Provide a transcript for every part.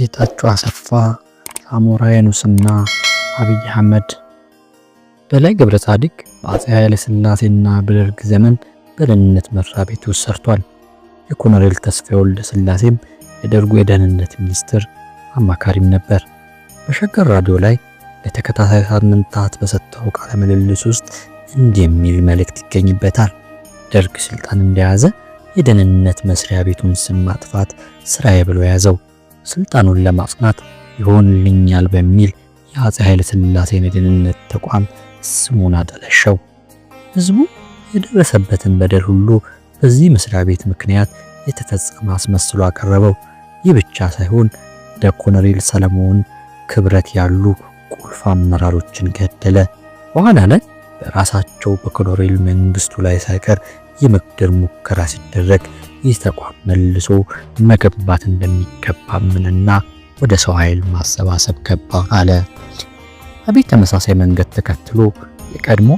ጌታቸው አሰፋ፣ ሳሞራ የኑስና አብይ አህመድ። በላይ ገብረ ጻዲቅ በአጼ ኃይለ ሥላሴና በደርግ ዘመን በደህንነት መስሪያ ቤት ውስጥ ሰርቷል። የኮሎኔል ተስፋዬ ወልደ ሥላሴም የደርጉ የደህንነት ሚኒስትር አማካሪም ነበር። በሸገር ራዲዮ ላይ ለተከታታይ ሳምንታት በሰጠው ቃለ ምልልስ ውስጥ እንዲህ የሚል መልእክት ይገኝበታል። ደርግ ስልጣን እንደያዘ የደህንነት መስሪያ ቤቱን ስም ማጥፋት ስራዬ ብሎ ያዘው። ስልጣኑን ለማጽናት ይሆንልኛል በሚል የአፄ ኃይለ ሥላሴን የደህንነት ተቋም ስሙን አጠለሸው። ህዝቡ የደረሰበትን በደል ሁሉ በዚህ መስሪያ ቤት ምክንያት የተፈጸመ አስመስሎ አቀረበው። ይህ ብቻ ሳይሆን እንደ ኮሎኔል ሰለሞን ክብረት ያሉ ቁልፍ አመራሮችን ገደለ። በኋላ ላይ በራሳቸው በኮሎኔል መንግስቱ ላይ ሳይቀር የመግደል ሙከራ ሲደረግ ይህ ተቋም መልሶ መገንባት እንደሚገባ ምንና ወደ ሰው ኃይል ማሰባሰብ ገባ አለ። አቤት ተመሳሳይ መንገድ ተከትሎ የቀድሞ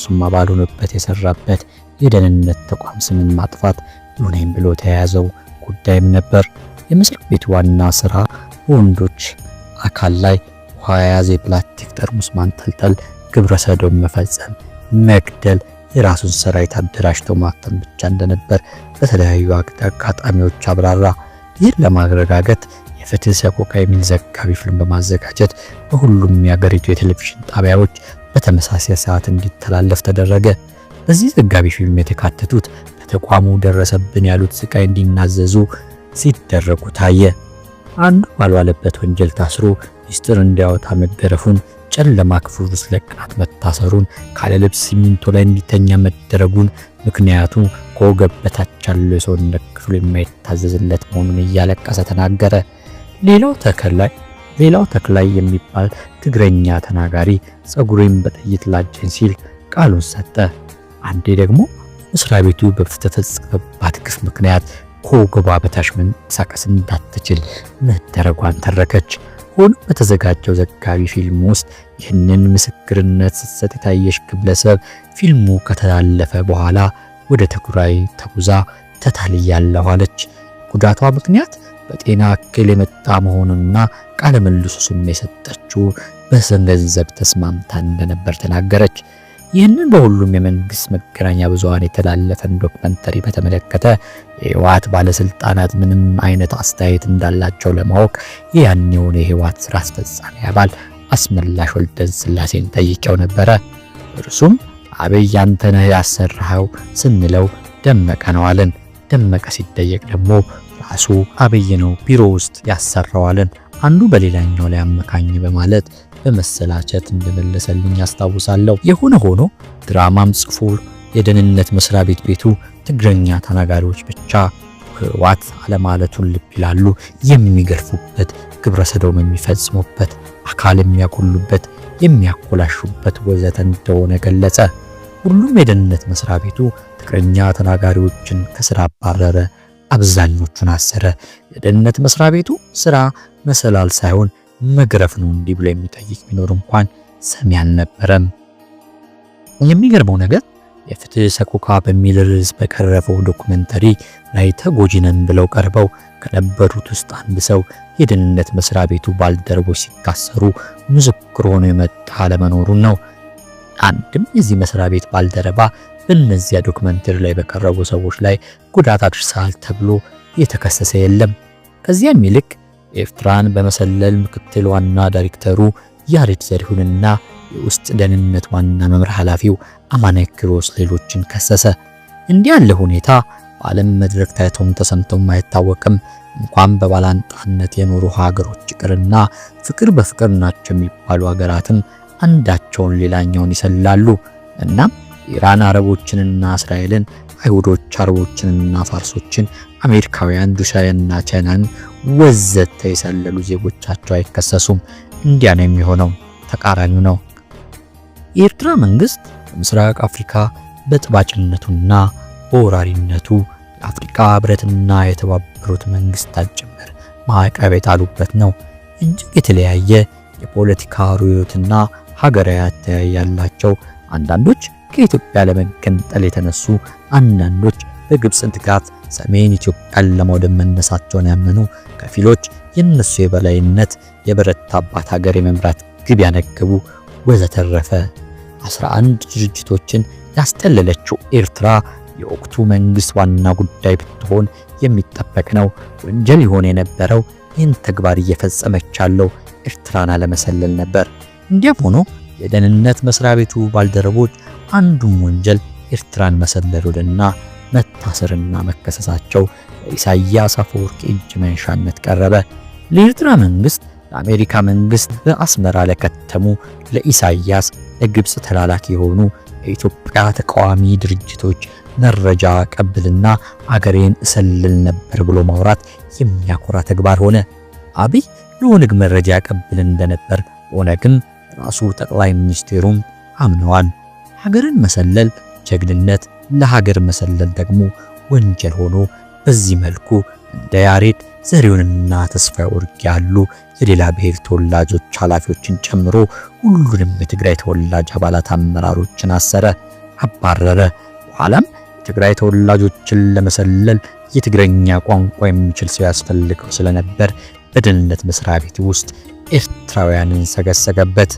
ሱማ ባልሆነበት የሰራበት የደህንነት ተቋም ስምን ማጥፋት ሉኔም ብሎ ተያያዘው ጉዳይም ነበር። የምስር ቤት ዋና ስራ በወንዶች አካል ላይ ውሃ የያዘ የፕላስቲክ ጠርሙስ ማንጠልጠል፣ ግብረ ሰዶም መፈጸም፣ መግደል የራሱን ሰራዊት አደራጅቶ ማፈን ብቻ እንደነበር በተለያዩ አጋጣሚዎች አብራራ። ይህን ለማረጋገጥ የፍትህ ሰቆቃ የሚል ዘጋቢ ፊልም በማዘጋጀት በሁሉም የአገሪቱ የቴሌቪዥን ጣቢያዎች በተመሳሳይ ሰዓት እንዲተላለፍ ተደረገ። በዚህ ዘጋቢ ፊልም የተካተቱት በተቋሙ ደረሰብን ያሉት ስቃይ እንዲናዘዙ ሲደረጉ ታየ። አንዱ ባልዋለበት ወንጀል ታስሮ ሚስጥር እንዲያወጣ መገረፉን ጨለማ ክፍል ውስጥ ለቀናት መታሰሩን ካለ ልብስ ሲሚንቶ ላይ እንዲተኛ መደረጉን ምክንያቱ ከወገብ በታች ያለው የሰውነት ክፍሉ የማይታዘዝለት መሆኑን እያለቀሰ ተናገረ። ሌላው ተከላይ ሌላው ተክላይ የሚባል ትግረኛ ተናጋሪ ጸጉሬን በጥይት ላጨኝ ሲል ቃሉን ሰጠ። አንዴ ደግሞ መስሪያ ቤቱ በተፈጸመባት ግፍ ምክንያት ከወገቧ በታች መንቀሳቀስ እንዳትችል መደረጓን ተረከች። ሆኖ በተዘጋጀው ዘጋቢ ፊልም ውስጥ ይህንን ምስክርነት ስትሰጥ የታየሽ ግለሰብ ፊልሙ ከተላለፈ በኋላ ወደ ትግራይ ተጉዛ ተታልያለሁ አለች። ጉዳቷ ምክንያት በጤና እክል የመጣ መሆኑና ቃለ ስም የሰጠችው በስንት ተስማምታ እንደነበር ተናገረች። ይህንን በሁሉም የመንግስት መገናኛ ብዙሃን የተላለፈን ዶክመንተሪ በተመለከተ የህወሓት ባለስልጣናት ምንም አይነት አስተያየት እንዳላቸው ለማወቅ የያኔውን የህወሓት ስራ አስፈጻሚ አባል አስመላሽ ወልደን ስላሴን ጠይቄው ነበረ። እርሱም አብይ አንተነህ ያሰራኸው ስንለው ደመቀ ነው አለን። ደመቀ ሲጠየቅ ደግሞ ራሱ አብይ ነው ቢሮ ውስጥ ያሰራዋለን አንዱ በሌላኛው ላይ አመካኝ በማለት በመሰላቸት እንደመለሰልኝ አስታውሳለሁ። የሆነ ሆኖ ድራማም ጽፎ የደህንነት መስሪያ ቤት ቤቱ ትግረኛ ተናጋሪዎች ብቻ ህዋት አለማለቱን ልብ ይላሉ። የሚገርፉበት፣ ግብረ ሰዶም የሚፈጽሙበት፣ አካል የሚያጎሉበት፣ የሚያኮላሹበት ወዘተ እንደሆነ ገለጸ። ሁሉም የደህንነት መስሪያ ቤቱ ትግረኛ ተናጋሪዎችን ከስራ አባረረ፣ አብዛኞቹን አሰረ። የደህንነት መስሪያ ቤቱ ስራ መሰላል ሳይሆን መግረፍ ነው እንዲህ ብሎ የሚጠይቅ ቢኖር እንኳን ሰሚ አልነበረም። የሚገርመው ነገር የፍትህ ሰቆቃ በሚል ርዕስ በቀረበው ዶኩመንተሪ ላይ ተጎጂ ነን ብለው ቀርበው ከነበሩት ውስጥ አንድ ሰው የደህንነት መስሪያ ቤቱ ባልደረቦች ሲታሰሩ ምስክር ሆኖ የመጣ አለመኖሩን ነው። አንድም የዚህ መስሪያ ቤት ባልደረባ በእነዚያ ዶክመንተሪ ላይ በቀረቡ ሰዎች ላይ ጉዳት አድርሰዋል ተብሎ የተከሰሰ የለም። ከዚያም ይልቅ ኤርትራን በመሰለል ምክትል ዋና ዳይሬክተሩ ያሬድ ዘሪሁንና የውስጥ ደህንነት ዋና መምሪያ ኃላፊው አማኔ ኪሮስ ሌሎችን ከሰሰ። እንዲህ ያለ ሁኔታ በዓለም መድረክ ታይቶም ተሰምቶም አይታወቅም። እንኳን በባላንጣነት የኖሩ ሀገሮች ይቅርና ፍቅር በፍቅር ናቸው የሚባሉ ሀገራትም አንዳቸውን ሌላኛውን ይሰላሉ። እናም ኢራን አረቦችንና እስራኤልን አይሁዶች፣ አረቦችንና ፋርሶችን፣ አሜሪካውያን፣ ሩሲያንና ቻይናን ወዘተ የሰለሉ ዜጎቻቸው አይከሰሱም። እንዲያ ነው የሚሆነው። ተቃራኒው ነው። የኤርትራ መንግስት በምስራቅ አፍሪካ በጥባጭነቱና በወራሪነቱ የአፍሪካ ህብረትና የተባበሩት መንግስታት ጭምር ማዕቀብ የጣሉበት ነው። እጅግ የተለያየ የፖለቲካ ርዕዮትና ሀገራዊ አተያይ ያላቸው አንዳንዶች ከኢትዮጵያ ለመገንጠል የተነሱ አንዳንዶች በግብፅ ድጋት ሰሜን ኢትዮጵያን ለማውደም መነሳቸውን ያመኑ ከፊሎች የነሱ የበላይነት የበረታባት ሀገር የመምራት ግብ ያነገቡ ወዘተረፈ። 11 ድርጅቶችን ያስጠለለችው ኤርትራ የወቅቱ መንግስት ዋና ጉዳይ ብትሆን የሚጠበቅ ነው። ወንጀል ይሆን የነበረው ይህን ተግባር እየፈጸመች ያለው ኤርትራን አለመሰለል ነበር። እንዲያም ሆኖ የደህንነት መስሪያ ቤቱ ባልደረቦች አንዱም ወንጀል ኤርትራን መሰደዱንና መታሰርና መከሰሳቸው በኢሳያስ አፈወርቅ እጅ መንሻነት ቀረበ። ለኤርትራ መንግስት፣ ለአሜሪካ መንግስት በአስመራ ለከተሙ ለኢሳያስ ለግብፅ ተላላኪ የሆኑ የኢትዮጵያ ተቃዋሚ ድርጅቶች መረጃ ቀብልና አገሬን እሰልል ነበር ብሎ ማውራት የሚያኮራ ተግባር ሆነ። አብይ ለኦነግ መረጃ ቀብል እንደነበር ኦነግም ራሱ ጠቅላይ ሚኒስቴሩም አምነዋል። ሀገርን መሰለል ጀግንነት፣ ለሀገር መሰለል ደግሞ ወንጀል ሆኖ በዚህ መልኩ እንደ ያሬድ ዘሬውንና ወርቅ ያሉ የሌላ ብሔር ተወላጆች ኃላፊዎችን ጨምሮ ሁሉንም የትግራይ ተወላጅ አባላት አመራሮችን አሰረ፣ አባረረ። በኋላም የትግራይ ተወላጆችን ለመሰለል የትግረኛ ቋንቋ የሚችል ሰው ያስፈልገው ስለነበር በደህንነት መስሪያ ቤት ውስጥ ኤርትራውያንን ሰገሰገበት።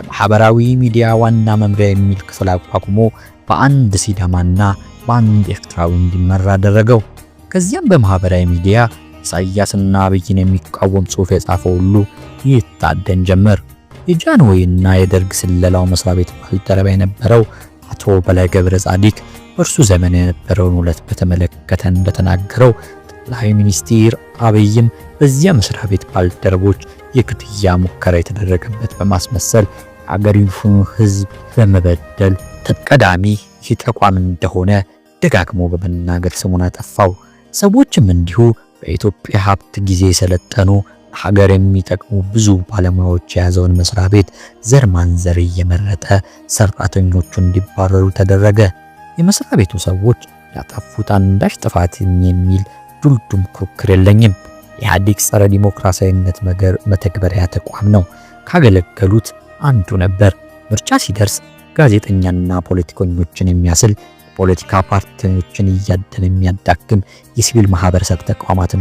የማህበራዊ ሚዲያ ዋና መምሪያ የሚል ክፍል አቋቁሞ በአንድ ሲዳማና በአንድ ኤርትራዊ እንዲመራ አደረገው። ከዚያም በማህበራዊ ሚዲያ ኢሳያስና አብይን የሚቃወም ጽሑፍ የጻፈው ሁሉ ይታደን ጀመር። የጃንሆይና የደርግ ስለላው መስሪያ ቤት ባልደረባ የነበረው አቶ በላይ ገብረ ጻዲቅ በእርሱ ዘመን የነበረውን ውለት በተመለከተ እንደተናገረው ጠቅላይ ሚኒስትር አብይም በዚያ መስሪያ ቤት ባልደረቦች የግድያ ሙከራ የተደረገበት በማስመሰል የአገሪቱን ህዝብ በመበደል ተቀዳሚ ተቋም እንደሆነ ደጋግሞ በመናገር ስሙን አጠፋው። ሰዎችም እንዲሁ በኢትዮጵያ ሀብት ጊዜ የሰለጠኑ ሀገር የሚጠቅሙ ብዙ ባለሙያዎች የያዘውን መስሪያ ቤት ዘር ማንዘር እየመረጠ ሰራተኞቹ እንዲባረሩ ተደረገ። የመስሪያ ቤቱ ሰዎች ያጠፉት አንዳች ጥፋት የሚል ዱልዱም ክርክር የለኝም። ኢህአዴግ ጸረ ዲሞክራሲያዊነት መተግበሪያ ተቋም ነው። ካገለገሉት አንዱ ነበር። ምርጫ ሲደርስ ጋዜጠኛና ፖለቲከኞችን የሚያስል ፖለቲካ ፓርቲዎችን እያደን የሚያዳክም የሲቪል ማህበረሰብ ተቋማት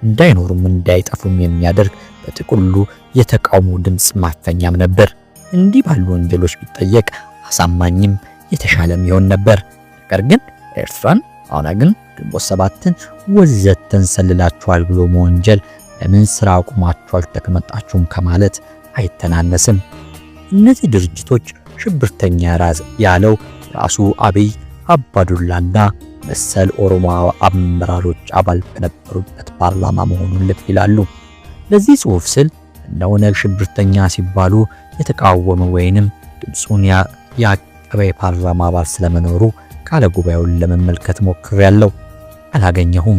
እንዳይኖሩም እንዳይጠፉም የሚያደርግ በጥቅሉ የተቃውሞ ድምፅ ማፈኛም ነበር። እንዲህ ባሉ ወንጀሎች ቢጠየቅ አሳማኝም የተሻለም ይሆን ነበር። ነገር ግን ኤርትራን አሁና ግን ግንቦት ሰባትን ወዘተን ሰልላችኋል ብሎ መወንጀል ለምን ስራ አቁማችኋል ተቀመጣችሁም ከማለት አይተናነስም። እነዚህ ድርጅቶች ሽብርተኛ ያለው ራሱ አብይ አባዱላና መሰል ኦሮሞ አመራሮች አባል በነበሩበት ፓርላማ መሆኑን ልብ ይላሉ። ለዚህ ጽሑፍ ስል እነ ኦነግ ሽብርተኛ ሲባሉ የተቃወመ ወይንም ድምፁን ያቀበ የፓርላማ አባል ስለመኖሩ ቃለ ጉባኤውን ለመመልከት ሞክሬያለሁ። አላገኘሁም።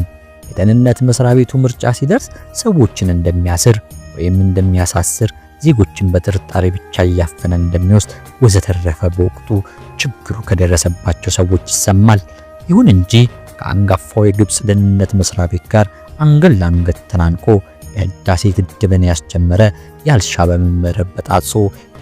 የደህንነት መስሪያ ቤቱ ምርጫ ሲደርስ ሰዎችን እንደሚያስር ወይም እንደሚያሳስር ዜጎችን በጥርጣሬ ብቻ እያፈነ እንደሚወስድ ወዘተረፈ በወቅቱ ችግሩ ከደረሰባቸው ሰዎች ይሰማል። ይሁን እንጂ ከአንጋፋው የግብፅ ደህንነት መስሪያ ቤት ጋር አንገት ለአንገት ተናንቆ የህዳሴ ግድብን ያስጀመረ ያልሻ መረብ በጣጥሶ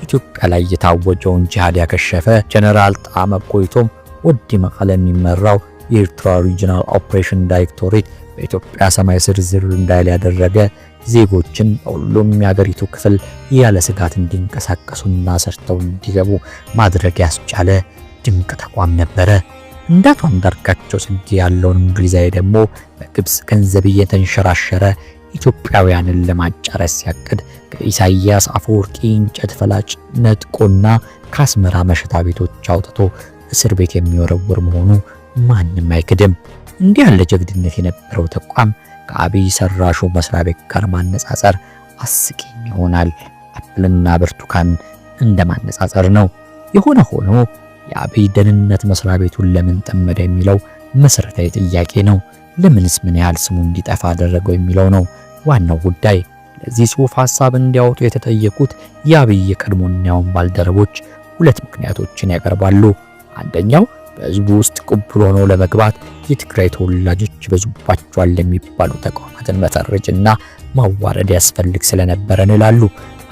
ኢትዮጵያ ላይ የታወጀውን ጂሃድ ያከሸፈ ጀነራል ጣመ ቆይቶም ወዲ መቀለ የሚመራው የኤርትራ ሪጂናል ኦፕሬሽን ዳይሬክቶሬት በኢትዮጵያ ሰማይ ስር ዝር እንዳይል ያደረገ ዜጎችን በሁሉም የአገሪቱ ክፍል ያለ ስጋት እንዲንቀሳቀሱና ሰርተው እንዲገቡ ማድረግ ያስቻለ ድንቅ ተቋም ነበረ። እንዳቶ አንዳርጋቸው ጽጌ ያለውን እንግሊዛዊ ደግሞ በግብፅ ገንዘብ እየተንሸራሸረ ኢትዮጵያውያንን ለማጫረስ ሲያቅድ ከኢሳይያስ አፈወርቂ እንጨት ፈላጭ ነጥቆና ከአስመራ መሸታ ቤቶች አውጥቶ እስር ቤት የሚወረውር መሆኑ ማንም አይክድም። እንዲህ ያለ ጀግድነት የነበረው ተቋም ከአብይ ሰራሹ መስሪያ ቤት ጋር ማነጻጸር አስቂኝ ይሆናል። አፕልና ብርቱካን እንደማነጻጸር ነው። የሆነ ሆኖ የአብይ ደህንነት መስሪያ ቤቱን ለምን ጠመደ የሚለው መሰረታዊ ጥያቄ ነው። ለምንስ ምን ያህል ስሙ እንዲጠፋ አደረገው የሚለው ነው ዋናው ጉዳይ። ለዚህ ጽሑፍ ሐሳብ እንዲያወጡ የተጠየቁት የአብይ የቀድሞና ባልደረቦች ሁለት ምክንያቶችን ያቀርባሉ። አንደኛው በህዝቡ ውስጥ ቅቡል ሆኖ ለመግባት የትግራይ ተወላጆች ይበዙባቸዋል የሚባሉ ተቋማትን መፈረጅና ማዋረድ ያስፈልግ ስለነበረ ይላሉ።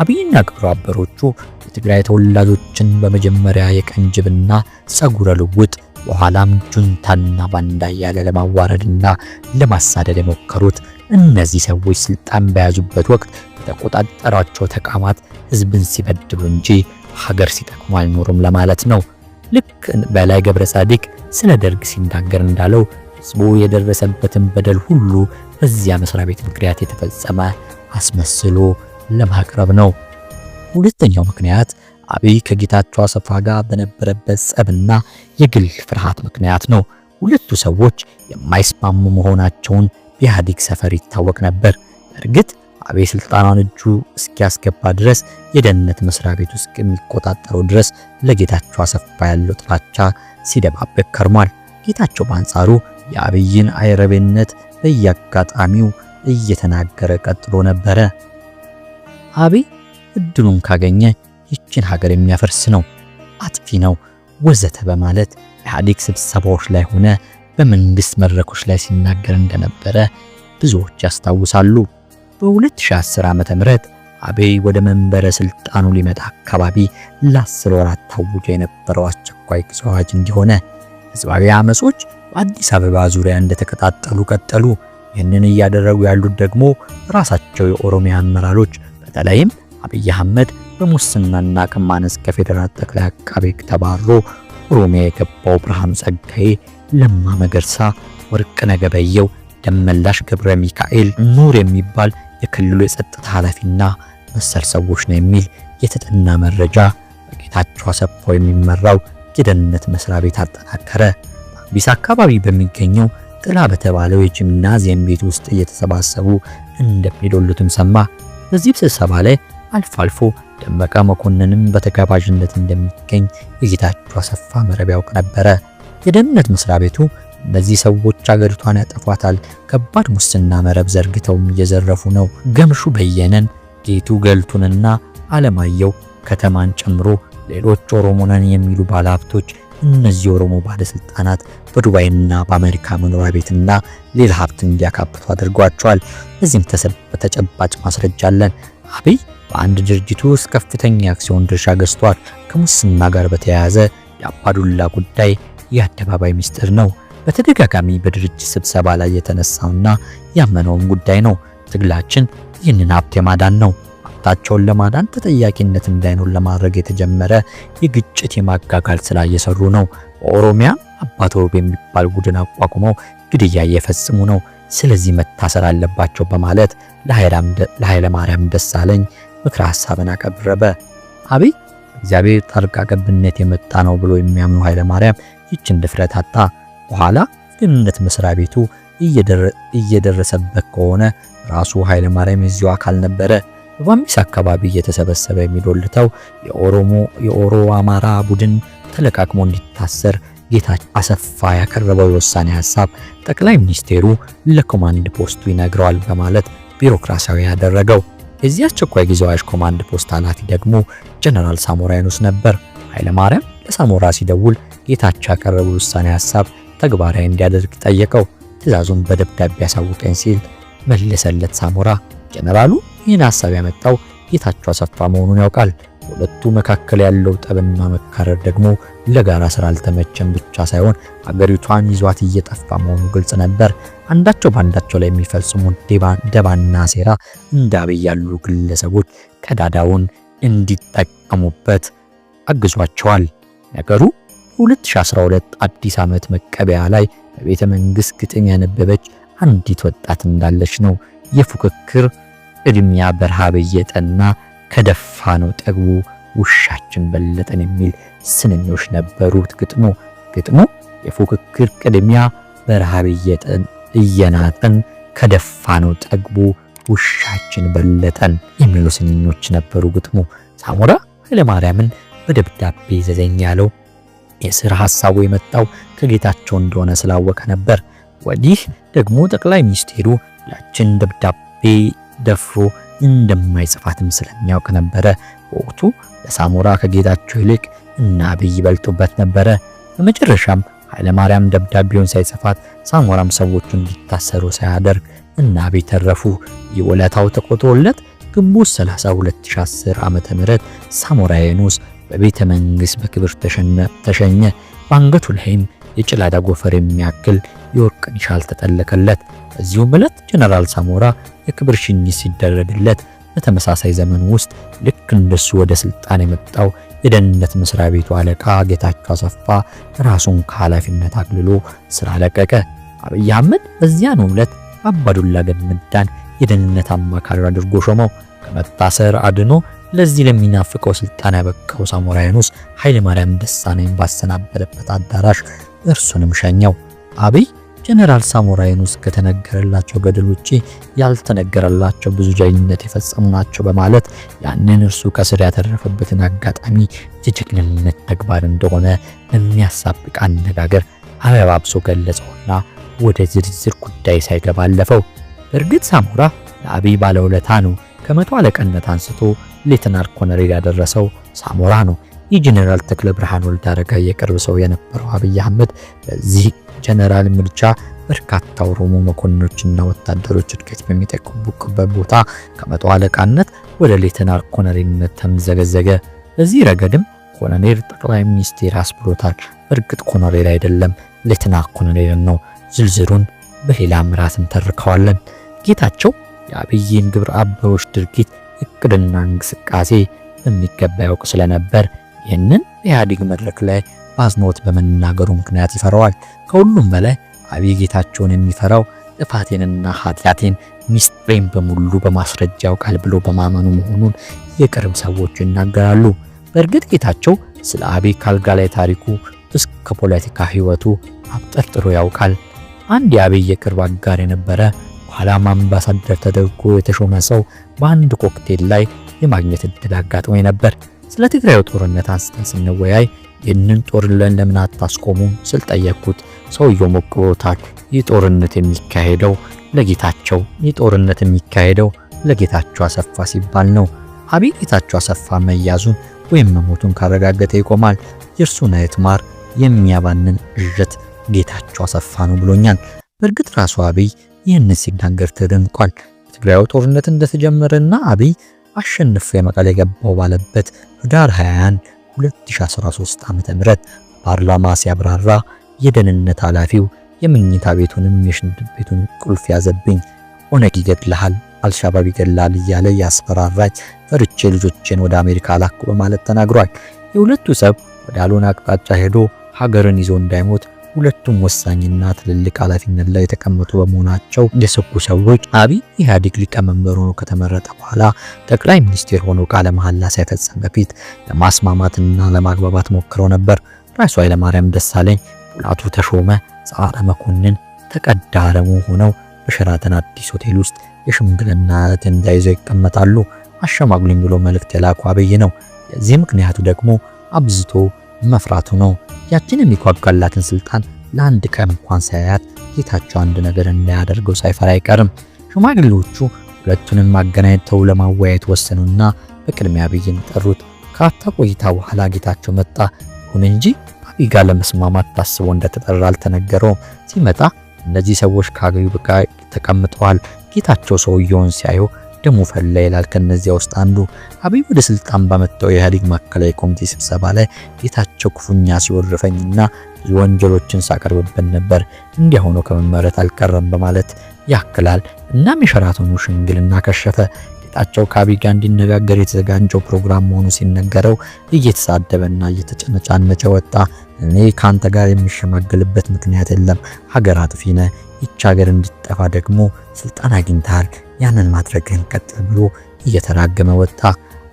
አብይና ግብረ አበሮቹ የትግራይ ተወላጆችን በመጀመሪያ የቀንጅብና ጸጉረ ልውጥ በኋላም ጁንታና ባንዳ እያለ ለማዋረድና ለማሳደድ የሞከሩት እነዚህ ሰዎች ስልጣን በያዙበት ወቅት በተቆጣጠሯቸው ተቋማት ህዝብን ሲበድሉ እንጂ ሀገር ሲጠቅሙ አልኖሩም ለማለት ነው። ልክ በላይ ገብረ ጻዲቅ ስለ ደርግ ሲናገር እንዳለው ህዝቡ የደረሰበትን በደል ሁሉ በዚያ መስሪያ ቤት ምክንያት የተፈጸመ አስመስሎ ለማቅረብ ነው። ሁለተኛው ምክንያት አብይ ከጌታቸው አሰፋ ጋር በነበረበት ጸብና የግል ፍርሃት ምክንያት ነው። ሁለቱ ሰዎች የማይስማሙ መሆናቸውን በኢህአዴግ ሰፈር ይታወቅ ነበር። እርግጥ አቤ ስልጣኗን እጁ እስኪያስገባ ድረስ የደህንነት መስሪያ ቤት ውስጥ የሚቆጣጠረው ድረስ ለጌታቸው አሰፋ ያለው ጥላቻ ሲደባበቅ ከርሟል። ጌታቸው በአንጻሩ የአብይን አይረቤነት በየአጋጣሚው እየተናገረ ቀጥሎ ነበረ። አብይ እድሉን ካገኘ ይችን ሀገር የሚያፈርስ ነው፣ አጥፊ ነው፣ ወዘተ በማለት ኢህአዴግ ስብሰባዎች ላይ ሆነ በመንግስት መድረኮች ላይ ሲናገር እንደነበረ ብዙዎች ያስታውሳሉ። በ2010 ዓ.ም አቤይ ወደ መንበረ ስልጣኑ ሊመጣ አካባቢ ለአስር ወራት ታውጆ የነበረው አስቸኳይ ጊዜ አዋጅ እንዲሆነ ህዝባዊ አመጾች በአዲስ አበባ ዙሪያ እንደተቀጣጠሉ ቀጠሉ። ይህንን እያደረጉ ያሉት ደግሞ ራሳቸው የኦሮሚያ አመራሮች በተለይም አብይ አህመድ በሙስናና ቅማነስ ከፌዴራል ጠቅላይ አቃቤ ሕግ ተባሮ ኦሮሚያ የገባው ብርሃኑ ጸጋዬ፣ ለማ መገርሳ፣ ወርቅነህ ገበየሁ፣ ደመላሽ ገብረ ሚካኤል፣ ኑር የሚባል የክልሉ የጸጥታ ኃላፊና መሰል ሰዎች ነው የሚል የተጠና መረጃ በጌታቸው አሰፋ የሚመራው የደህንነት መስሪያ ቤት አጠናከረ። በአዲስ አካባቢ በሚገኘው ጥላ በተባለው የጂምናዚየም ቤት ውስጥ እየተሰባሰቡ እንደሚዶሉትም ሰማ። በዚህ ስብሰባ ላይ አልፎ አልፎ ደመቀ መኮንንም በተጋባዥነት እንደሚገኝ የጌታቸው አሰፋ መረብ ያውቅ ነበረ። የደህንነት መስሪያ ቤቱ በዚህ ሰዎች አገሪቷን ያጠፏታል። ከባድ ሙስና መረብ ዘርግተውም እየዘረፉ ነው። ገምሹ በየነን፣ ጌቱ ገልቱንና አለማየሁ ከተማን ጨምሮ ሌሎች ኦሮሞ ነን የሚሉ ባለሀብቶች እነዚህ ኦሮሞ ባለስልጣናት በዱባይና በአሜሪካ መኖሪያ ቤትና ሌላ ሀብት እንዲያካብቱ አድርጓቸዋል። በዚህም በተጨባጭ ማስረጃ አለን። አብይ በአንድ ድርጅቱ ውስጥ ከፍተኛ የአክሲዮን ድርሻ ገዝቷል። ከሙስና ጋር በተያያዘ የአባዱላ ጉዳይ የአደባባይ ሚስጥር ነው። በተደጋጋሚ በድርጅት ስብሰባ ላይ የተነሳውና ያመነውን ጉዳይ ነው። ትግላችን ይህንን ሀብት የማዳን ነው። ሀብታቸውን ለማዳን ተጠያቂነት እንዳይኖር ለማድረግ የተጀመረ የግጭት የማጋጋል ስራ እየሰሩ ነው። በኦሮሚያ አባ የሚባል ቡድን አቋቁመው ግድያ እየፈጽሙ ነው። ስለዚህ መታሰር አለባቸው በማለት ለኃይለ ማርያም ደሳለኝ ምክረ ሀሳብን አቀረበ። አብይ እግዚአብሔር ጣልቃ ገብነት የመጣ ነው ብሎ የሚያምኑ ኃይለ ማርያም ይችን ድፍረት አጣ። በኋላ ግንኙነት መስሪያ ቤቱ እየደረሰበት ከሆነ ራሱ ኃይለ ማርያም እዚሁ አካል ነበረ። በባሚስ አካባቢ እየተሰበሰበ የሚዶልተው የኦሮሞ የኦሮ አማራ ቡድን ተለቃቅሞ እንዲታሰር ጌታ አሰፋ ያቀረበው የውሳኔ ሀሳብ ጠቅላይ ሚኒስቴሩ ለኮማንድ ፖስቱ ይነግረዋል በማለት ቢሮክራሲያዊ ያደረገው። የዚህ አስቸኳይ ጊዜ አዋጅ ኮማንድ ፖስት ኃላፊ ደግሞ ጀነራል ሳሞራ የኑስ ነበር። ኃይለማርያም ለሳሞራ ሲደውል ጌታቸው ያቀረበው የውሳኔ ሀሳብ ተግባራዊ እንዲያደርግ ጠየቀው። ትዕዛዙን በደብዳቤ ያሳውቀኝ ሲል መለሰለት ሳሞራ። ጀነራሉ ይህን ሐሳብ ያመጣው ጌታቸው አሰፋ መሆኑን ያውቃል። በሁለቱ መካከል ያለው ጠብና መካረር ደግሞ ለጋራ ስራ አልተመቸም ብቻ ሳይሆን አገሪቷን ይዟት እየጠፋ መሆኑ ግልጽ ነበር። አንዳቸው በአንዳቸው ላይ የሚፈጽሙ ደባና ሴራ እንደ አብይ ያሉ ግለሰቦች ቀዳዳውን እንዲጠቀሙበት አግዟቸዋል ነገሩ 2012 አዲስ ዓመት መቀበያ ላይ በቤተ መንግሥት ግጥም ያነበበች አንዲት ወጣት እንዳለች ነው። የፉክክር ቅድሚያ በረሃብ እየጠና ከደፋ ነው ጠግቡ ውሻችን በለጠን የሚል ስንኞች ነበሩት ግጥሙ። ግጥሙ የፉክክር ቅድሚያ በረሃብ እየናጠን ከደፋ ነው ጠግቡ ውሻችን በለጠን የሚሉ ስንኞች ነበሩ ግጥሙ። ሳሞራ ኃይለማርያምን በደብዳቤ ዘዘኝ ያለው የስር ሐሳቡ የመጣው ከጌታቸው እንደሆነ ስላወቀ ነበር። ወዲህ ደግሞ ጠቅላይ ሚኒስቴሩ ላችን ደብዳቤ ደፍሮ እንደማይጽፋትም ስለሚያውቅ ነበረ። በወቅቱ ለሳሞራ ከጌታቸው ይልቅ እና አብይ ይበልጡበት ነበረ። በመጨረሻም ኃይለማርያም ደብዳቤውን ሳይጽፋት ሳሞራም ሰዎቹ እንዲታሰሩ ሳያደርግ እና አብይ ተረፉ። የውለታው ተቆጥሮለት ግንቦት 30 2010 ዓ.ም ሳሞራ የኑስ በቤተ መንግሥት በክብር ተሸኘ። በአንገቱ ላይም የጭላዳ ጎፈር የሚያክል የወርቅ ንሻል ተጠለቀለት። በዚሁም ዕለት ጀነራል ሳሞራ የክብር ሽኝት ሲደረግለት በተመሳሳይ ዘመን ውስጥ ልክ እንደሱ ወደ ስልጣን የመጣው የደህንነት መስሪያ ቤቱ አለቃ ጌታቸው አሰፋ ራሱን ከኃላፊነት አግልሎ ስራ ለቀቀ። አብይ አህመድ በዚያን ዕለት አባዱላ ገመዳን የደህንነት አማካሪ አድርጎ ሾመው። ከመታሰር አድኖ ለዚህ ለሚናፍቀው ስልጣን ያበቃው ሳሞራያኑስ ኃይለ ማርያም ደሳለኝ ባሰናበተበት አዳራሽ እርሱንም ሸኘው። አብይ ጀነራል ሳሞራያኑስ ከተነገረላቸው ገድል ውጪ ያልተነገረላቸው ብዙ ጀግንነት የፈጸሙ ናቸው በማለት ያንን እርሱ ከስር ያተረፈበትን አጋጣሚ የጀግንነት ተግባር እንደሆነ በሚያሳብቅ አነጋገር አበባብሶ ገለጸውና ወደ ዝርዝር ጉዳይ ሳይገባ አለፈው። እርግጥ ሳሞራ ለአብይ ባለውለታ ነው። ከመቶ አለቀነት አንስቶ ሌተናል ኮሎኔል ያደረሰው ሳሞራ ነው። የጀነራል ተክለ ብርሃን ወልደ አረጋ የቅርብ ሰው የነበረው አብይ አህመድ በዚህ ጀነራል ምርጫ በርካታ ኦሮሞ መኮንኖችና ወታደሮች እድገት በሚጠብቁበት ቦታ ከመቶ አለቃነት ወደ ሌተናል ኮሎኔልነት ተምዘገዘገ። በዚህ ረገድም ኮሎኔል ጠቅላይ ሚኒስቴር አስብሎታል። በእርግጥ ኮሎኔል አይደለም ሌተናል ኮሎኔል ነው። ዝርዝሩን በሌላ ምራት ተርከዋለን። ጌታቸው የአብይን ግብረ አበሮች ድርጊት እቅድና እንቅስቃሴ በሚገባ ያውቅ ስለነበር ይህንን ኢህአዴግ መድረክ ላይ በአጽንኦት በመናገሩ ምክንያት ይፈራዋል። ከሁሉም በላይ አብይ ጌታቸውን የሚፈራው ጥፋቴንና ኃጢአቴን ሚስጥሬን በሙሉ በማስረጃው ቃል ብሎ በማመኑ መሆኑን የቅርብ ሰዎች ይናገራሉ። በእርግጥ ጌታቸው ስለ አብይ ካልጋ ላይ ታሪኩ እስከ ፖለቲካ ህይወቱ አብጠርጥሮ ያውቃል። አንድ የአብይ የቅርብ አጋር የነበረ ኋላም አምባሳደር ተደርጎ የተሾመ ሰው በአንድ ኮክቴል ላይ የማግኘት እድል አጋጥሞኝ ነበር። ስለ ትግራዩ ጦርነት አንስተን ስንወያይ ይህንን ጦርነት ለምን አታስቆሙም ስል ጠየቅኩት። ሰውየው ሞቅ ብሎታል። ይህ ጦርነት የሚካሄደው ለጌታቸው ይህ ጦርነት የሚካሄደው ለጌታቸው አሰፋ ሲባል ነው። አብይ ጌታቸው አሰፋ መያዙን ወይም መሞቱን ካረጋገጠ ይቆማል። የእርሱ ናየት ማር የሚያባንን እዠት ጌታቸው አሰፋ ነው ብሎኛል። በእርግጥ ራሱ አብይ ይህንን ሲናገር ተደንቋል። ትግራዩ ጦርነት እንደተጀመረና አብይ አሸንፎ የመቀለ የገባው ባለበት ህዳር 21 2013 ዓ.ም ፓርላማ ሲያብራራ የደህንነት ኃላፊው የመኝታ ቤቱንም የሽንት ቤቱን ቁልፍ ያዘብኝ፣ ኦነግ ይገድልሃል፣ አልሻባብ ይገድላል እያለ ያስፈራራች ፈርቼ ልጆቼን ወደ አሜሪካ ላኩ በማለት ተናግሯል። የሁለቱ ሰብ ወደ አሉን አቅጣጫ ሄዶ ሀገርን ይዞ እንዳይሞት ሁለቱም ወሳኝና ትልልቅ ኃላፊነት ላይ የተቀመጡ በመሆናቸው የሰኩ ሰዎች አብይ ኢህአዴግ ሊቀመንበር ሆኖ ከተመረጠ በኋላ ጠቅላይ ሚኒስቴር ሆኖ ቃለ መሐላ ሳይፈጽም በፊት ለማስማማትና ለማግባባት ሞክረው ነበር። ራሱ ኃይለማርያም ደሳለኝ፣ ሙላቱ ተሾመ፣ ጸአረ መኮንን ተቀዳረሙ ሆነው በሸራተን አዲስ ሆቴል ውስጥ የሽምግልና አጀንዳ ይዘው ይቀመጣሉ። አሸማጉልኝ ብሎ መልእክት የላኩ አብይ ነው። የዚህ ምክንያቱ ደግሞ አብዝቶ መፍራቱ ነው። ያችን የሚጓጓላትን ስልጣን ለአንድ ቀን እንኳን ሳያያት ጌታቸው አንድ ነገር እንዳያደርገው ሳይፈራ አይቀርም። ሽማግሌዎቹ ሁለቱንም ማገናኝተው ለማወያየት ወሰኑና በቅድሚያ አብይን ጠሩት። ከአታ ቆይታ በኋላ ጌታቸው መጣ። ይሁን እንጂ አብይ ጋር ለመስማማት ታስቦ እንደተጠራ አልተነገረውም። ሲመጣ እነዚህ ሰዎች ከአብይ ጋር ተቀምጠዋል። ጌታቸው ሰውየውን ሲያየው ደሙ ፈላ ይላል። ከነዚያ ውስጥ አንዱ አብይ ወደ ስልጣን ባመጣው የኢህአዴግ ማዕከላዊ ኮሚቴ ስብሰባ ላይ ጌታቸው ክፉኛ ሲወርፈኝና ወንጀሎችን ሳቀርብብን ነበር እንዲያ ሆኖ ከመመረት አልቀረም በማለት ያክላል። እናም የሸራተኑ ሽምግልና ከሸፈ። ጌታቸው ከአብይ ጋር እንዲነጋገር የተዘጋጀው ፕሮግራም መሆኑ ሲነገረው እየተሳደበና እየተጨነጫነጨ ወጣ። እኔ ከአንተ ጋር የሚሸማገልበት ምክንያት የለም፣ ሀገር አጥፊ ነህ ይች ሀገር እንድትጠፋ ደግሞ ስልጣን አግኝተሃል፣ ያንን ማድረግህን ቀጥል ብሎ እየተራገመ ወጣ።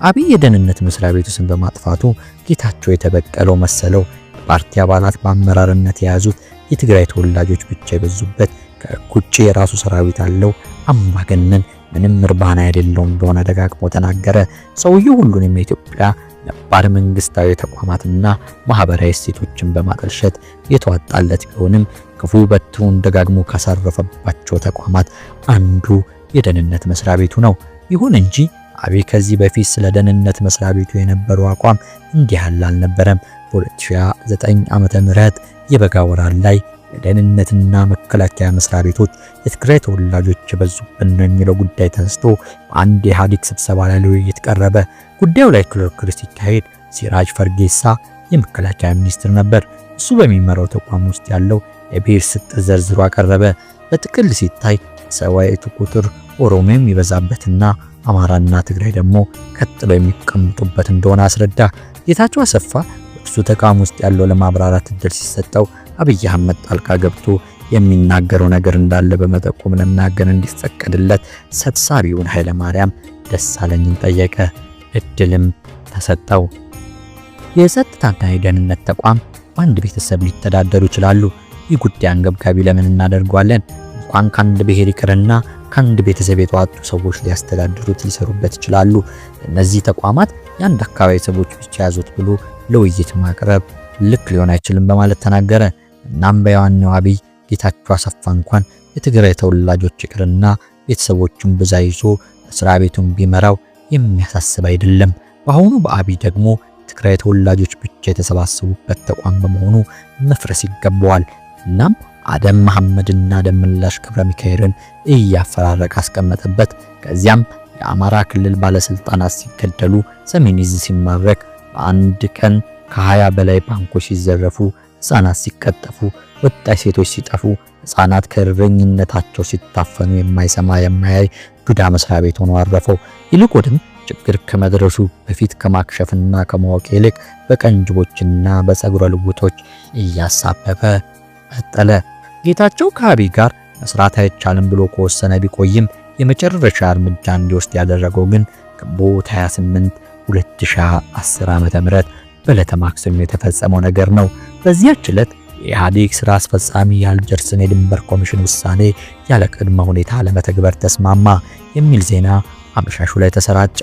አብይ የደህንነት መስሪያ ቤቱ ስም በማጥፋቱ ጌታቸው የተበቀለው መሰለው። ፓርቲ አባላት በአመራርነት የያዙት የትግራይ ተወላጆች ብቻ የበዙበት ከቁጭ የራሱ ሰራዊት አለው አምባገነን ምንም እርባና የሌለው እንደሆነ ደጋግሞ ተናገረ። ሰውየው ሁሉንም የኢትዮጵያ ነባር መንግስታዊ ተቋማትና ማህበራዊ እሴቶችን በማጠልሸት የተዋጣለት ቢሆንም ክፉ በትሩን ደጋግሞ ካሳረፈባቸው ተቋማት አንዱ የደህንነት መስሪያ ቤቱ ነው። ይሁን እንጂ አብይ ከዚህ በፊት ስለ ደህንነት መስሪያ ቤቱ የነበረው አቋም እንዲህ ያለ አልነበረም። በ2009 ዓመተ ምህረት የበጋ ወራት ላይ የደህንነትና መከላከያ መስሪያ ቤቶች የትግራይ ተወላጆች የበዙብን ነው የሚለው ጉዳይ ተነስቶ በአንድ የኢህአዴግ ስብሰባ ላይ ለውይይት ቀረበ። ጉዳዩ ላይ ክርክር ሲካሄድ ሲራጅ ፈርጌሳ የመከላከያ ሚኒስትር ነበር። እሱ በሚመራው ተቋም ውስጥ ያለው የብሔር ስጥ ዘርዝሮ አቀረበ። በጥቅል ሲታይ ሰዋይቱ ቁጥር ኦሮሞ የሚበዛበትና አማራና ትግራይ ደግሞ ቀጥለው የሚቀምጡበት እንደሆነ አስረዳ። ጌታቸው አሰፋ እሱ ተቋም ውስጥ ያለው ለማብራራት እድል ሲሰጠው አብይ አህመድ ጣልቃ ገብቶ የሚናገረው ነገር እንዳለ በመጠቆም ለመናገር እንዲፈቀድለት ሰብሳቢውን ኃይለ ማርያም ደሳለኝን ጠየቀ። እድልም ተሰጠው። የጸጥታና የደህንነት ተቋም በአንድ ቤተሰብ ሊተዳደሩ ይችላሉ። ይህ ጉዳይ አንገብጋቢ ለምን እናደርገዋለን? እንኳን ከአንድ ብሔር ይቅርና ከአንድ ቤተሰብ የተዋጡ ሰዎች ሊያስተዳድሩት ሊሰሩበት ይችላሉ። እነዚህ ተቋማት የአንድ አካባቢ ሰዎች ብቻ ያዙት ብሎ ለውይይት ማቅረብ ልክ ሊሆን አይችልም በማለት ተናገረ። እናም በዋናው አብይ ጌታቸው አሰፋ እንኳን የትግራይ ተወላጆች ይቅርና ቤተሰቦቹን ብዛ ይዞ ስራ ቤቱን ቢመራው የሚያሳስብ አይደለም። በአሁኑ በአብይ ደግሞ ትግራይ ተወላጆች ብቻ የተሰባሰቡበት ተቋም በመሆኑ መፍረስ ይገባዋል። እናም አደም መሐመድና ደምላሽ ክብረ ሚካኤልን እያፈራረቀ አስቀመጠበት። ከዚያም የአማራ ክልል ባለስልጣናት ሲገደሉ፣ ሰሜን ይዝ ሲማረክ፣ በአንድ ቀን ከ20 በላይ ባንኮች ሲዘረፉ፣ ህፃናት ሲቀጠፉ፣ ወጣት ሴቶች ሲጠፉ፣ ህፃናት ከእረኝነታቸው ሲታፈኑ የማይሰማ የማያይ ዱዳ መስሪያ ቤት ሆኖ አረፈው። ይልቁንም ችግር ከመድረሱ በፊት ከማክሸፍና ከማወቅ ይልቅ በቀንጅቦችና በፀጉረ ልውጦች እያሳበበ ቀጠለ። ጌታቸው ከአቢይ ጋር መስራት አይቻልም ብሎ ከወሰነ ቢቆይም የመጨረሻ እርምጃ እንዲወስድ ያደረገው ግን ግንቦት 28 2010 ዓመተ ምህረት በዕለተ ማክሰኞ የተፈጸመው ነገር ነው። በዚያች ዕለት የኢህአዴግ ስራ አስፈጻሚ የአልጀርስን የድንበር ኮሚሽን ውሳኔ ያለ ቅድመ ሁኔታ ለመተግበር ተስማማ የሚል ዜና አመሻሹ ላይ ተሰራጨ።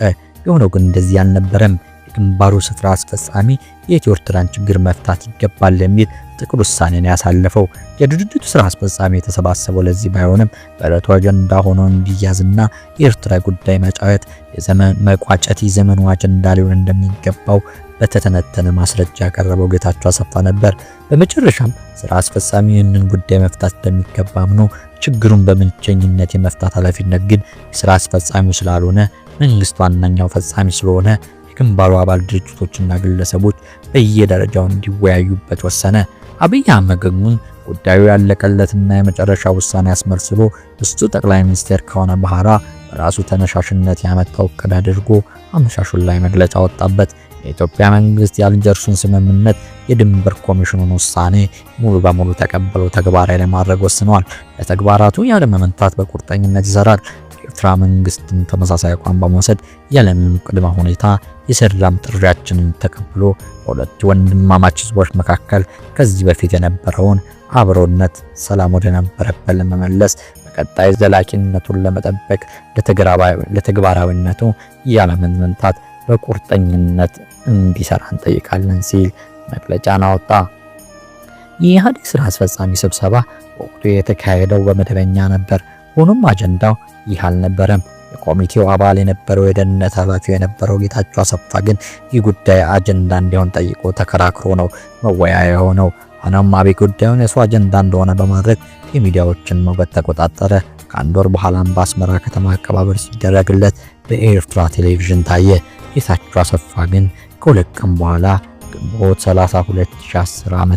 የሆነው ግን እንደዚህ አልነበረም። ግንባሩ ስፍራ አስፈጻሚ የኢትዮ ኤርትራን ችግር መፍታት ይገባል የሚል ጥቅል ውሳኔን ያሳለፈው የድርጅቱ ስራ አስፈጻሚ የተሰባሰበው ለዚህ ባይሆንም በዕለቱ አጀንዳ ሆኖ እንዲያዝና የኤርትራ ጉዳይ መጫወት የዘመን መቋጨት የዘመኑ አጀንዳ ሊሆን እንደሚገባው በተተነተነ ማስረጃ ያቀረበው ጌታቸው አሰፋ ነበር። በመጨረሻም ስራ አስፈጻሚ ይህንን ጉዳይ መፍታት እንደሚገባ አምኖ ችግሩን በምንቸኝነት የመፍታት ኃላፊነት ግን ስራ አስፈጻሚው ስላልሆነ መንግስት ዋነኛው ፈጻሚ ስለሆነ የግንባሩ አባል ድርጅቶችና ግለሰቦች በየደረጃው እንዲወያዩበት ወሰነ። አብይ አህመድ ጉዳዩ ያለቀለትና የመጨረሻ ውሳኔ አስመልስሎ እሱ ጠቅላይ ሚኒስቴር ከሆነ በኋላ በራሱ ተነሻሽነት ያመጣው እቅድ አድርጎ አመሻሹን ላይ መግለጫ ወጣበት። የኢትዮጵያ መንግስት የአልጀርሱን ስምምነት የድንበር ኮሚሽኑን ውሳኔ ሙሉ በሙሉ ተቀብሎ ተግባራዊ ለማድረግ ወስኗል። ለተግባራቱ ያለመመንታት በቁርጠኝነት ይሰራል። የኤርትራ መንግስትም ተመሳሳይ አቋም በመውሰድ ያለምንም ቅድመ ሁኔታ የሰላም ጥሪያችንን ተቀብሎ በሁለቱ ወንድማማች ህዝቦች መካከል ከዚህ በፊት የነበረውን አብሮነት ሰላም ወደ ነበረበት ለመመለስ በቀጣይ ዘላቂነቱን ለመጠበቅ ለተግባራዊነቱ ያለመመንታት በቁርጠኝነት እንዲሰራ እንጠይቃለን ሲል መግለጫን አወጣ። የኢህአዴግ ስራ አስፈጻሚ ስብሰባ በወቅቱ የተካሄደው በመደበኛ ነበር። ሆኖም አጀንዳው ይህ አልነበረም። የኮሚቴው አባል የነበረው የደህንነት ኃላፊው የነበረው ጌታቸው አሰፋ ግን ይህ ጉዳይ አጀንዳ እንዲሆን ጠይቆ ተከራክሮ ነው መወያያ የሆነው። ሆኖም አብይ ጉዳዩን የሱ አጀንዳ እንደሆነ በማድረግ የሚዲያዎችን ሞገድ ተቆጣጠረ። ከአንድ ወር በኋላም በአስመራ ከተማ አቀባበል ሲደረግለት በኤርትራ ቴሌቪዥን ታየ። ጌታቸው አሰፋ ግን ከሁለት ቀን በኋላ ግንቦት 30 2010 ዓ.ም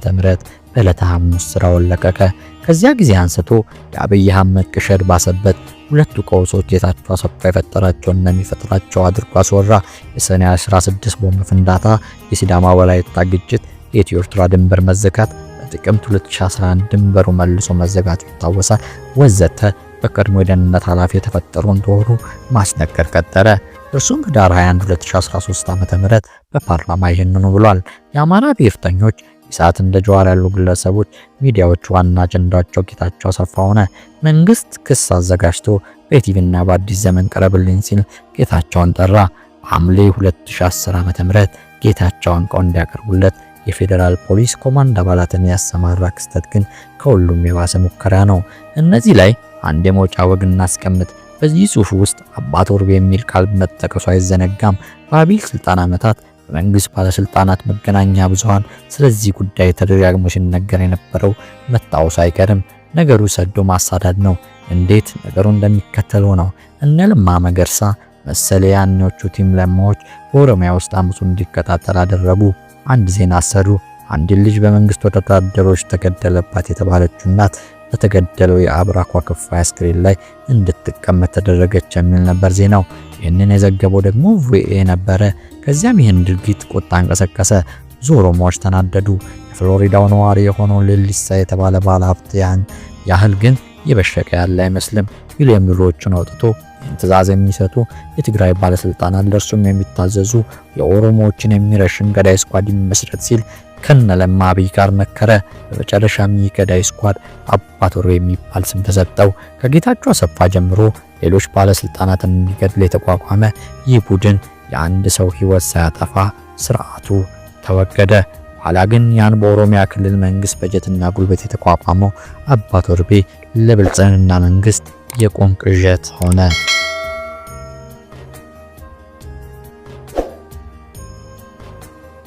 በዕለተ ሐሙስ ስራውን ለቀቀ። ከዚያ ጊዜ አንስቶ የአብይ አህመድ ቅሸር ባሰበት ሁለቱ ቀውሶች ጌታቸው አሰፋ የፈጠራቸውን የሚፈጥራቸው አድርጎ አስወራ። የሰኔ 16 ቦምብ ፍንዳታ፣ የሲዳማ ወላይታ ግጭት፣ የኢትዮ ኤርትራ ድንበር መዘጋት፣ በጥቅምት 2011 ድንበሩ መልሶ መዘጋቱ ይታወሳል። ወዘተ በቀድሞ የደህንነት ኃላፊ የተፈጠረውን ዶሩ ማስነገር ቀጠለ። እርሱም ህዳር 21 2013 ዓ.ም በፓርላማ ይህንኑ ብሏል። የአማራ ብሔርተኞች ኢሳት እንደ ጀዋር ያሉ ግለሰቦች ሚዲያዎች ዋና አጀንዳቸው ጌታቸው አሰፋ ሆነ። መንግስት ክስ አዘጋጅቶ በኢቲቪና በአዲስ ዘመን ቀረብልኝ ሲል ጌታቸውን ጠራ። አምሌ 2010 ዓ.ም ጌታቸውን ቀው እንዲያቀርቡለት የፌዴራል ፖሊስ ኮማንድ አባላትን ያሰማራ ክስተት ግን ከሁሉም የባሰ ሙከራ ነው። እነዚህ ላይ አንድ የመውጫ ወግ እናስቀምጥ። በዚህ ጽሑፍ ውስጥ አባቶርቤ የሚል ቃል መጠቀሱ አይዘነጋም። በአቢይ ስልጣን ዓመታት በመንግስት ባለስልጣናት፣ መገናኛ ብዙሃን ስለዚህ ጉዳይ ተደጋግሞ ሲነገር የነበረው መታወሱ አይቀርም። ነገሩ ሰዶ ማሳዳድ ነው። እንዴት ነገሩ እንደሚከተለው ነው። እነ ለማ መገርሳ መሰለ ያኔዎቹ ቲም ለማዎች በኦሮሚያ ውስጥ አመቱን እንዲከታተል አደረጉ። አንድ ዜና አሰሩ። አንድ ልጅ በመንግስት ወታደሮች ተገደለባት የተባለችው እናት በተገደለው የአብራኳ ክፋይ አስክሬን ላይ እንድትቀመጥ ተደረገች የሚል ነበር ዜናው። ይህንን የዘገበው ደግሞ ቪኦኤ ነበረ። ከዚያም ይህን ድርጊት ቁጣ እንቀሰቀሰ። ብዙ ኦሮሞዎች ተናደዱ። የፍሎሪዳው ነዋሪ የሆነውን ሌሊሳ የተባለ ባለ ያን ያህል ግን የበሸቀ ያለ አይመስልም ይሉ የሚሮቹን አውጥቶ ትእዛዝ የሚሰጡ የትግራይ ባለስልጣናት ለእርሱም የሚታዘዙ የኦሮሞዎችን የሚረሽን ገዳይ ስኳድ የሚመስረት ሲል ከነ ለማ አብይ ጋር መከረ። በመጨረሻም ይህ ገዳይ ስኳድ አባቶሮ የሚባል ስም ተሰጠው። ከጌታቸው አሰፋ ጀምሮ ሌሎች ባለስልጣናትን እንዲገድል የተቋቋመ ይህ ቡድን የአንድ ሰው ሕይወት ሳያጠፋ ስርዓቱ ተወገደ። ኋላ ግን ያን በኦሮሚያ ክልል መንግስት በጀትና ጉልበት የተቋቋመው አባ ቶርቤ ለብልጽግና መንግስት የቁም ቅዠት ሆነ።